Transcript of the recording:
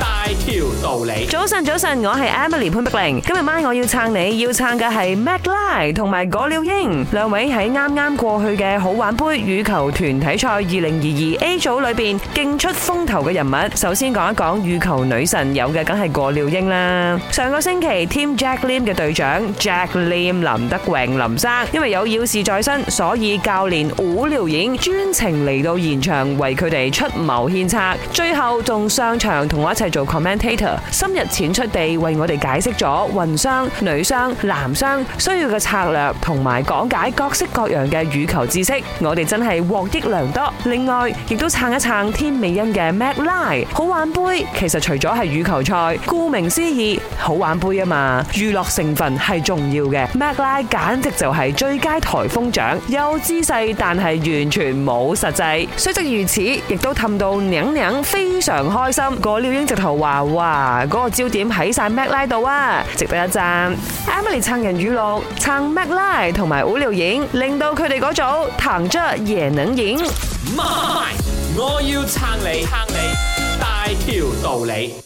大條道理。早晨，早晨，我係 Emily 潘碧玲。今日晚我要撐你，要撐嘅係 Mac Lie 同埋果廖英兩位喺啱啱過去嘅好玩杯羽球團體賽二零二二 A 組裏邊勁出風頭嘅人物。首先講一講羽球女神，有嘅梗係果廖英啦。上個星期 Team Jack Lim 嘅隊長 Jack Lim 林德榮林生，因為有要事在身，所以教練果廖英專程嚟到現場為佢哋出謀獻策，最後仲上場同我一齊。做 commentator，深入淺出地為我哋解釋咗混雙、女雙、男雙需要嘅策略，同埋講解各式各樣嘅羽球知識，我哋真係獲益良多。另外，亦都撐一撐天美欣嘅 Mac Lie，好玩杯其實除咗係羽球賽，顧名思義好玩杯啊嘛，娛樂成分係重要嘅。Mac Lie 簡直就係最佳台風獎，有姿勢但係完全冇實際。雖則如此，亦都氹到擰擰，非常開心。那個、英頭話哇，嗰，那個焦點喺晒麥拉度啊，值得一讚 em。Emily 撐人語錄，撐麥拉同埋好聊影，令到佢哋嗰組彈着也能影。我要撐你，撐你大條道理。